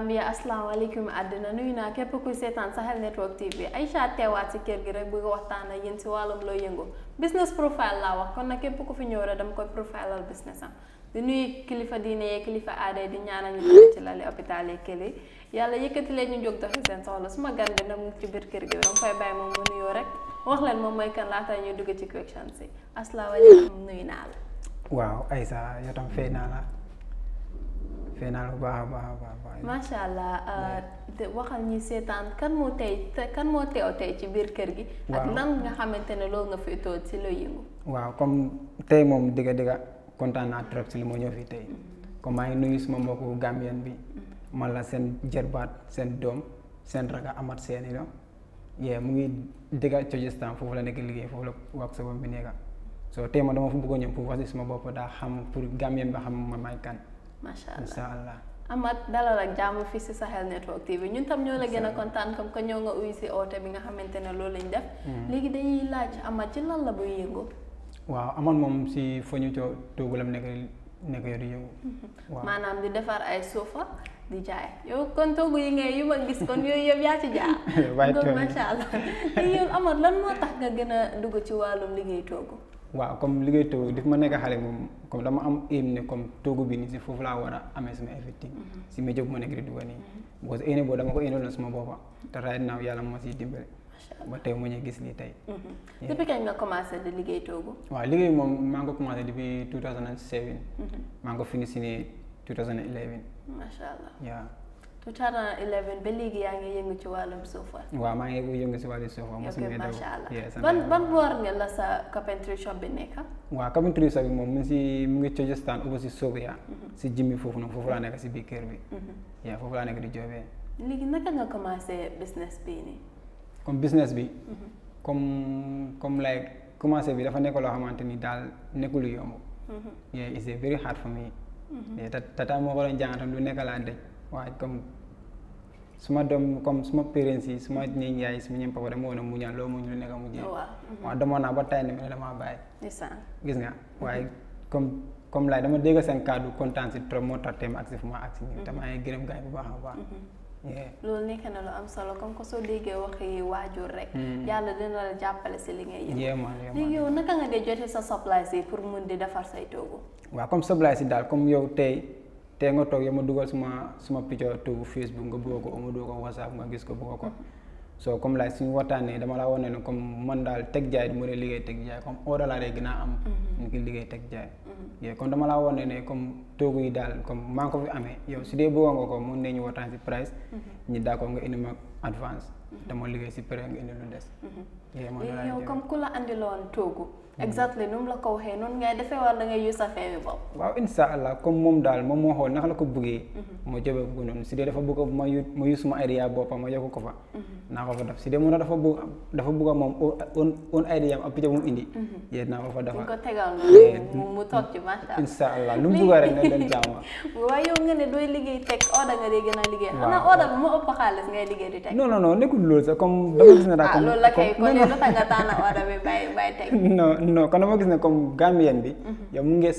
Gambia asalaamaaleykum àddina nuyu naa képp kuy seetaan Sahel Network TV Aïcha teewaat si kër gi rek bëgg waxtaan ak yéen si wàllum loo yëngu business profile laa wax kon nag képp ku fi ñëw rek dama koy profilal business am di nuyu kilifa diine yee kilifa aada di ñaanal ñu ci lali hôpital yi këli yàlla yëkkati leen ñu jóg doxi seen soxla suma gan bi nag mu ci biir kër gi dama koy bàyyi moom mu nuyoo rek wax leen moom mooy kan laata ñuy dugg ci questions yi asalaamaaleykum nuyu naa la. waaw feenaal bu baax a baax baax. macha allah uh, ya. waxal ñi seetaan kan moo tey kan moo o tey ci bir kër gi. waaw ak nan nga xamante ne loolu nga fi toog si loo yëngu. waaw comme tey moom digga digga kontaan naa trop si li mm-hmm. ma ñëw fii tey comme maa nuyu suma mbokku Gambien bi mm-hmm. man la seen jërbaat seen doom seen raga amat seeni la yee mu ngi digga Cogistan foofu la nekk liggéey foofu la wax sa bopp bi nekka soo tey ma dama fa bëggoon ñëw pour wax si suma xam pour Gambien ba xam ma may kan. macha allah incha allah Amath dalal ak jàmm fii si sa Sahel Network TV ñun tam ñoo la gën a kontaan comme que ñoo nga uyu si oote bi nga xamante ne loolu lañ def. Mm. léegi dañuy laaj Amath ci lan la buy yëngu. waaw Amath moom si fa ñu coo toogu la mu nekk nekk di yëngu. Mm-hmm. maanaam di defar ay sofa di jaay yow kon toogu yi ngay yu ma gis kon yooyu yëpp yaa ci jaar. waaye toogu macha allah te yow Amath lan moo tax nga gën a dugg ci wàllum liggéey toogu. waaw comme liggéey toogu daf ma nekk xale moom comme dama am éem ne comme toogu bi nii si foofu laa war a amee sama effectif mhm. si métier bu ma nekk di dugal nii parce que éne boobu dama ko éndoon sama boppa te right now yàlla moo siy dimbale ba tey mu ñu gis lii tey mhm. depuis kañ nga commencé di liggéey toogu waaw liggéey moom maa ngi ko commencé mhm. maa ngi ko 2011 ba léegi yaa ngi yëngu ci wàllum suufa. waa maa ngi yëngu ci wàllum suufa. ok macha allah ban sa carpentry shop bi nekk. waaw carpentry shop bi moom mu ngi si mu ngi cojo stand opposite Sobeya. si mhm. jimmi foofu noonu foofu laa nekk si biir kër bi. Mhm. yaa foofu laa nekk di joobee. léegi naka nga commencé business bi nii. comme business bi. Mhm. comme comme like commencé bi dafa nekk loo xamante ni daal nekkul yomb. yaa it's very hard for me. te moo ko doon jàngatam lu nekk laa dëj. waaye comme suma dom comme suma parents yi suma ñi yaay suma ñem papa dama woon a muñal loo muñ lu nekk mu jéem waaw demoon naa ba tay ne ma ne damaa bàyyi gis nga waaye comme comme laay dama dégg seen kàddu kontaan si trop moo tax teem ak si fu ma ak si nii dama lo gërëm gaay bu baax a baax loolu nekk na lu am solo comme que soo déggee wax yi waajur rek yàlla dina la jàppale si li ngay yëngu léegi yow naka nga dee jotee sa supplies yi pour mun di defar say toogu waaw comme supplies yi daal comme yow tey tey nga toog yow ma dugal suma suma picture to Facebook nga bëgg ko ma a ko WhatsApp nga gis ko bëgg ko so comme laaj suñu waxtaanee dama laa wane ne comme man daal teg jaay mu ne liggéey teg jaay comme order laa dee gën a am. ñu mm-hmm. ngi liggéey teg jaay. Mm-hmm. comme dama laa wane ne comme. toogu yi dal comme maa ko fi amé yow su dé bëggoon nga ko mun nañu waxtaan ci price ñi d'accord nga indi ma advance dama liggé ci prêt nga indi lu des yow comme kula andi lon toogu mhm. exactly num la ko waxé non ngay defee wala ngay yu sa bi bop waaw inshallah comme mom dal mom mo xool nak la ko bëggé mo mhm. jëbé bu noonu su dé dafa bëgg ma yu ma yu suma idea bopam ma yokk ko fa mhm. na ko fa def su dé mo na dafa bëgg dafa bëgg mom on on idea am appliqué mu indi yé na ko fa dafa ko tégal mu tok ci macha inshallah insha lu mu bëgg rek na leen jàmm waaye yow nga ne dooy liggéey teg order nga dee gën a liggéey xanaa order bi moo ëpp xaalis ngay liggéey di teg non non non nekkul loolu sax comme dama gis ne daa ah loolu la kay kon lu tax nga comme Gambien bi mhm. yow mu ngi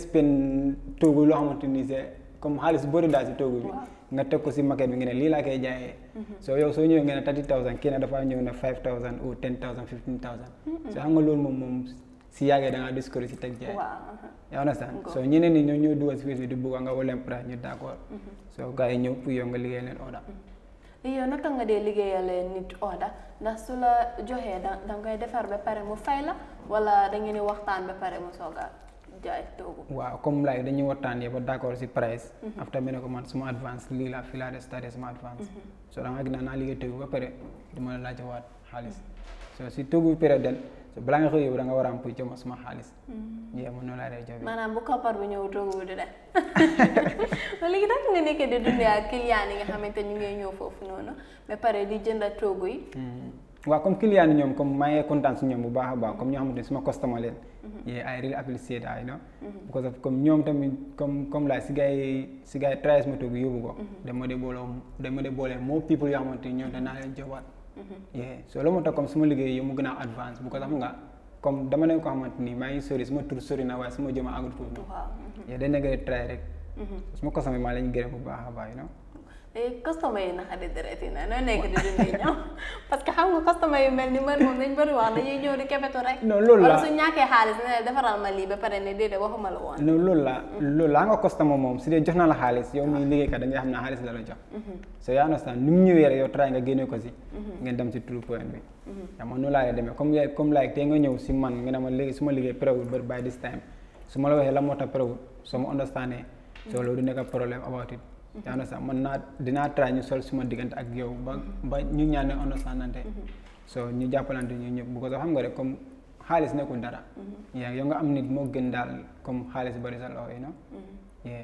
toogu loo xamante ni comme xaalis bëri daal si toogu bi nga teg ko si market bi nga ne lii laa koy jaayee mhm. soo yow soo ñëwee nga ne thirty thousand kii ne dafa ñëw na five thousand ou ten thousand fifteen thousand mhm. so xam nga loolu moom moom siyaage da nga discours ci tek jaay wow. you understand so ñeneen ñi ñoo do space di bëgg nga wolem pra ñu d'accord so gaay ñew pour yow nga liggéey leen order mhm. yow iya, naka nga dee liggéeyale nit order ndax su la joxee da ngay defar ba pare mu fay la wala da ngeen waxtaan ba pare mu sooga jaay toogu waaw comme lay dañuy waxtaan ba d'accord si price mhm. after mene ko man suma advance lii la fi laa des stade suma advance mhm. so da nga gina na liggéey toogu ba pare di ma la laaj waat so si toogu période so balaa nga koy da nga waram a am ma jëma suma xaalis. jéem a noonu laa lay jawee. par bu koppar bu ñëw toogu du kini ni kede nga nekkee di dundee ak client yi nga xamante ñu ngi ñëw foofu noonu mais pare di jenda toogu yi. wa comme client yi comme ma bu baax baax comme ñoo xamante ne customer leen. Hmm. yeah I really appreciate I know. Hmm. because of comme kom tamit comme la si gars si gars yi tries ma toogu yóbbu ko. dama de boole dama de boole mo people yoo xamante ne dan danaa leen Mm-hmm. so loolu moo tax comme suma liggéey yow mu gën a advance bu ko tax nga comme dama ne ko xamante ni maa ngi sori ma tur sori na waaye suma jëm a àggul foofu noonu. yow mm-hmm. dañ na gën a try rek. Mm-hmm. suma ko samay maa lañu gërëm bu baax a baax you customer yi naxa de deret yi na nooy nekk di dundee ñoom parce que xam nga customer yu mel ni man moom dañ bëri wax dañuy ñëw di kebetu rek. non loolu la wala su ñàkkee xaalis ne la ma lii ba pare ne déedéet waxuma la woon. non la loolu moom su dee na la xaalis yow muy liggéeykat da nga xam ne xaalis la la jox. so yaa understand ni mu si. ngeen dem ci noonu laa demee comme comme like tey nga ñëw si man nga ne ma léegi su ma liggéey préwul ba this time su ma la waxee la moo tax préwul soo ma understandee. so loolu du nekk problème about it yaa mhm. sa man na dina try ñu sol suma digënt ak yow ba ba ñu ñaan ono sanante mhm. so ñu jappalante ñu ñëpp bu ko xam nga rek comme xaaliss nekul dara ya yow nga am nit mo gën dal comme xaaliss bari sa loxo you know yeah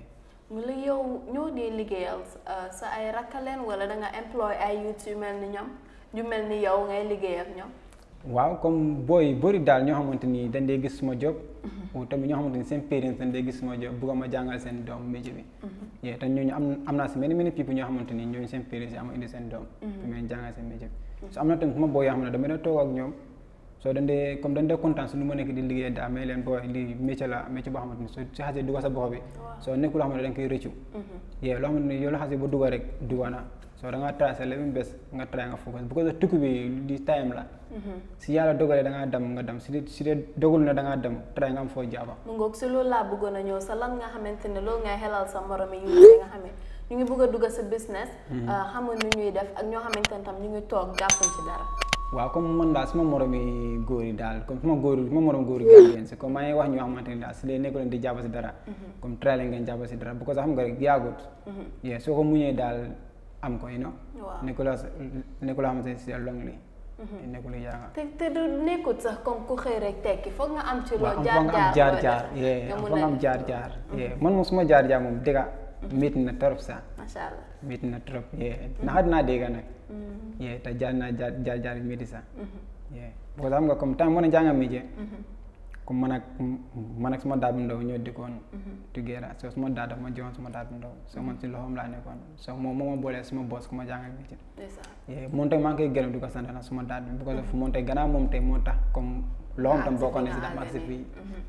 mu la yow ñoo di liggéeyal uh, sa ay rakkaleen wala da nga employ ay youtube yu mel ni ñoom ñu mel ni yow ngay liggéey ak ñom waaw comme boy bari dal ñoo xamanteni dañ dee gis suma job ou tamit ñoo xamante ni seen parents dañ day gis ma jo bëgg ma jàngal seen doom métier bi mhm. yee te ñooñu am am naa si many many people ñoo xamante ni ñooñu seen parents yi ama indi seen doom mhm. pour leen jàngal seen métier bi mhm. so am na tamit su ma boo yoo xam ne dama dee toog ak ñoom soo dañ dee comme dañ dee kontaan su lu ma nekk di liggéey daa may leen booy lii métier la métier boo xamante ni soo si xasee dugal sa bopp bi soo nekkul loo xamante ni da nga koy rëccu yee loo xamante ni yow la xasee ba dugal rek dugal na so da nga tracé la bim bes nga try nga bu ko da tukki bi di time la mm-hmm. si yalla dogalee da nga dam nga dam si si dogul na da nga dam try nga am fo jaba mu ngok si lo la bëggo na ñoo sa lan nga xamante lo nga ngay sa morom yi nga xamé ñu ngi bëgg dugga sa business xamul nu ñuy def ak ñoo xamante tam ñu ngi tok jàppuñ ci dara wa comme man da sama morom yi goori dal comme sama góor sama morom góor yi gambien si comme maa wax ñu xamante ni daal si lee nekkuleen di jàpp ci dara comme mm-hmm. trailer ngeen jàpp ci dara bu ko sax xam nga rek yaagut mm-hmm. yee soo ko muñee daal am ko you know. waaw sa nekkul loo xamante ne si longue li nekkul lu jaaga. te du nekkut sax comme ku xëy rek tekki foog nga am. ci loolu jaar jaar jaar foog nga mm-hmm. suma jaar jaar moom dëgg métti mm-hmm. na trop sax. macha allah métti na trop. naxaat naa dégg nag. Mm-hmm. te jaar naa jaar jaar métti sax. parce que xam nga comme temps mën a jàng métier. ko man ak man ak sama daal bu ndaw ñoo dëkkoon mhm. Tugeera soo sama daal daf ma joxoon sama daal bu ndaw soo man si loxoom laa nekkoon soo moom moo ma boolee suma boos ku ma jàngal métier maa ngi koy gërëm di ko sant nag suma daal bi bu ko def moom tey moo tax comme loxoom tam ah, bokkoon na si daf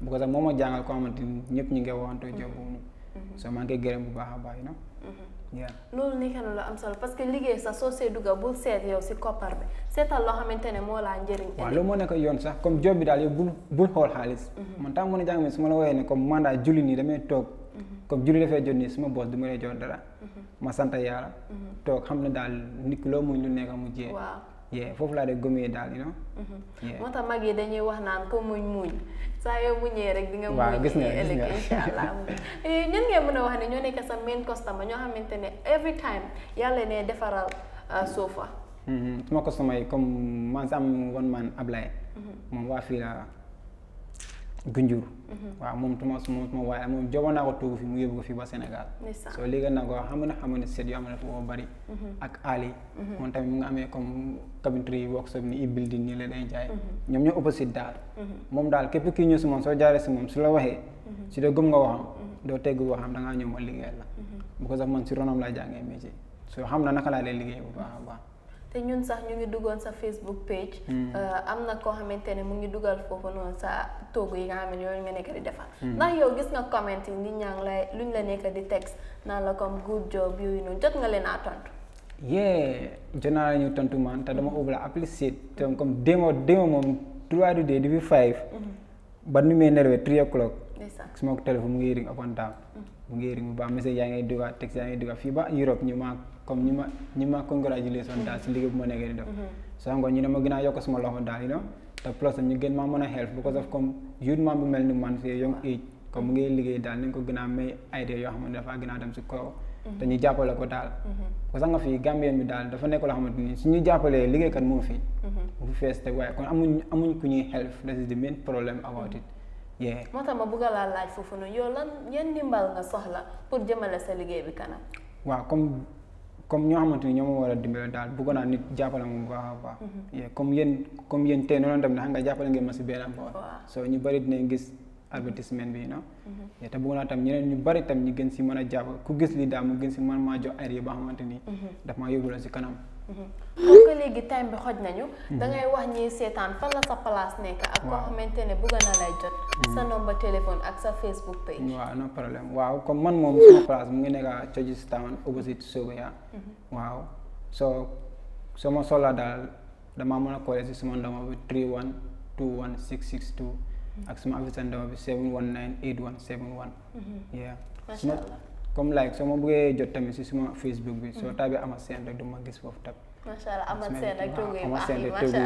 bu ko def moo ma jàngal ko xamante ñëpp ñu ngi woon too jobuñu mhm. mhm. soo maa ngi koy gërëm bu baax a baax na loolu nekk na lu am solo parce que liggéey sax soo see dugga bul seet yow si koppar bi seetal loo xamante ne moo laa njëriñ. waaw loolu moo nekk yoon sax comme job bi daal yow bul bul xool xaalis. Mhm. man temps mën a jàng mi su ma la wooyee ne comme mandat julli nii damay toog. Mhm. comme julli dafay jot nii suma boos du ma lay dara. Mhm. ma sant yàlla. toog xam ne daal nit ki loo muñ lu nekk mu jiyee. yeah foofu laa de gëmee daal you know. Mhm. moo tax mag yi dañuy wax naan ko muñ muñ saa yoo muñee rek di nga. waaw gis nga gis nga incha allah eh, ñun ngeen mën a wax ne ñoo nekk sa main customer ñoo xamante ne every time yàlla ne defaral ah, sofa. Mhm. suma customer yi comme man sam one man Ablaye. Mhm. moom waa fii la. Gunjur. Mhm. waaw moom tuma moom tuma waaye moom jogoon naa ko toogu fi mu yóbbu ko fii ba Sénégal. soo léegi nag xam nga xam ne seet yoo xam ne dafa i building nii la day jaay. ñoom ñoo opposite mhm. si moom soo jaaree si moom su la waxee. Mhm. su dee gëm nga waxam. doo tegg waxam da ngaa ñëw a liggéeyal la. bu ko sax man si ronam laa jàngee métier soo xam na naka laa lay liggéey bu baax a baax. te ñun sax ñu ngi duggoon sa facebook page mm. eh, am na koo xamante ne mu ngi dugal foofu noonu sa toogu yi nga xam ne yooyu nga nekk di defar mm. ndax yow gis nga comment yi nit ñaa ngi lay luñ la nekk di text naan la comme good job yooyu noonu jot nga leen a tontu yeah jona ñu tontu man te dama ubla appreciate te comme demo demo moom trois du dee depuis five mm-hmm. ba nu may nerve three o'clock suma téléphone mu ngi ring up and down mm. mu ngi ring ba message yaa ngay dugal texte yaa ngay dugal fii ba Europe ñu maak comme ñi ma ñi ma congratulé son daal si liggéey bu ma nekkee di def mhm. soo ngoon ñu ne ma gën a yokk sama loxo daal yi no te plus ñu gën maa mën a help because of comme youth man bu mel ni man si young age comme mu ngi liggéey daal nañ ko gën a may idée yoo mhm. mhm. xamante a laaj foofu noonu yow lan yan ndimbal nga soxla pour jëmale sa liggéey bi kanam waaw comme comme ñoo xamante ni ñoo ma war a dimbale daal bëggoon naa nit jàppale ma bu baax a baax. Mhm. comme yéen comme yéen tey noonu tamit xam nga jàppale ngeen ma si benn boor. soo ñu bëri dinañ gis advertisement bi no mhm. te bëggoon naa tam ñeneen ñu bëri tam ñu gën si mën a jàpp ku gis lii daal mu gën si man maa jox air yi ba xamante ni. Mhm. daf maa yóbbu la si kanam. pour que léegi time bi xoj nañu. Mhm. da ngay wax ñi seetaan fan la sa place nekk. ak koo xamante ne bëgg na lay jot. Mhm. sa number téléphone ak sa Facebook page. waaw no problème waaw comme man moom sama place mu ngi nekk à Churchill's Town opposite Sobeya. Mhm. waaw soo soo ma soxla daal damaa mën a collé si sama ndama bi 31 21 662. ak sama affiche ndama bi 719 81 711. macha allah. comme like soo ma bëggee jot tamit si suma Facebook bi soo taabee ama seen rek du ma gis foofu tamit macha allah amal seen ak tëgg yu baax yi macha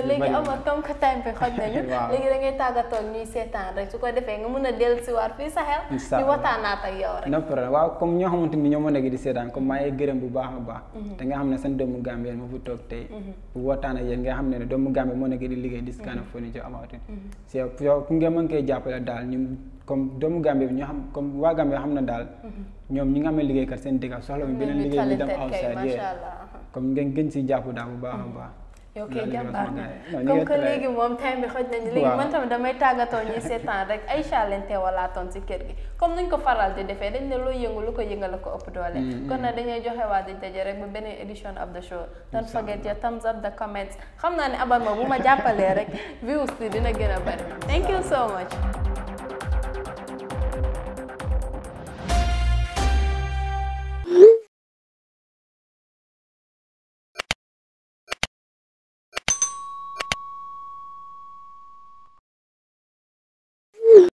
allah léegi amal comme que time bi nañu. léegi da ngay tàggatoo ñuy seetaan rek su ko defee nga mën a dellusiwaat fii sa xel. ñu waxtaanaat ak yow rek. non comme ñoo xamante ni ñoo ma nekk di seetaan comme maa ngi gërëm bu baax a baax. te nga xam ne seen doomu Gambie moo fi toog tey. bu waxtaan ak yéen nga xam ne doomu nekk di liggéey di scanner furniture amaatul. c'est ku ngeen mën koy jàppale daal ñu comme doomu Gambie bi ñoo xam na daal. ñoom ñi nga xam ne liggéeykat seen dëkk liggéey bi dem comme ngeen gën si jàpp daal bu baax a baax. yow kay jàmbaar na comme que léegi moom time bi xoj nañu léegi man tamit damay tàggatoo ñuy seetaan rek ay chalente walaatoon si kër gi comme nuñ ko faral di defee dañ ne loo yëngu lu ko yëngale la ko ëpp doole mm-hmm. kon nag dañuy joxe waa di daje rek ba beneen édition of the show don't forget your thumbs up the comments xam naa ne abal ma bu ma jàppalee rek views si dina gën a bari thank you so much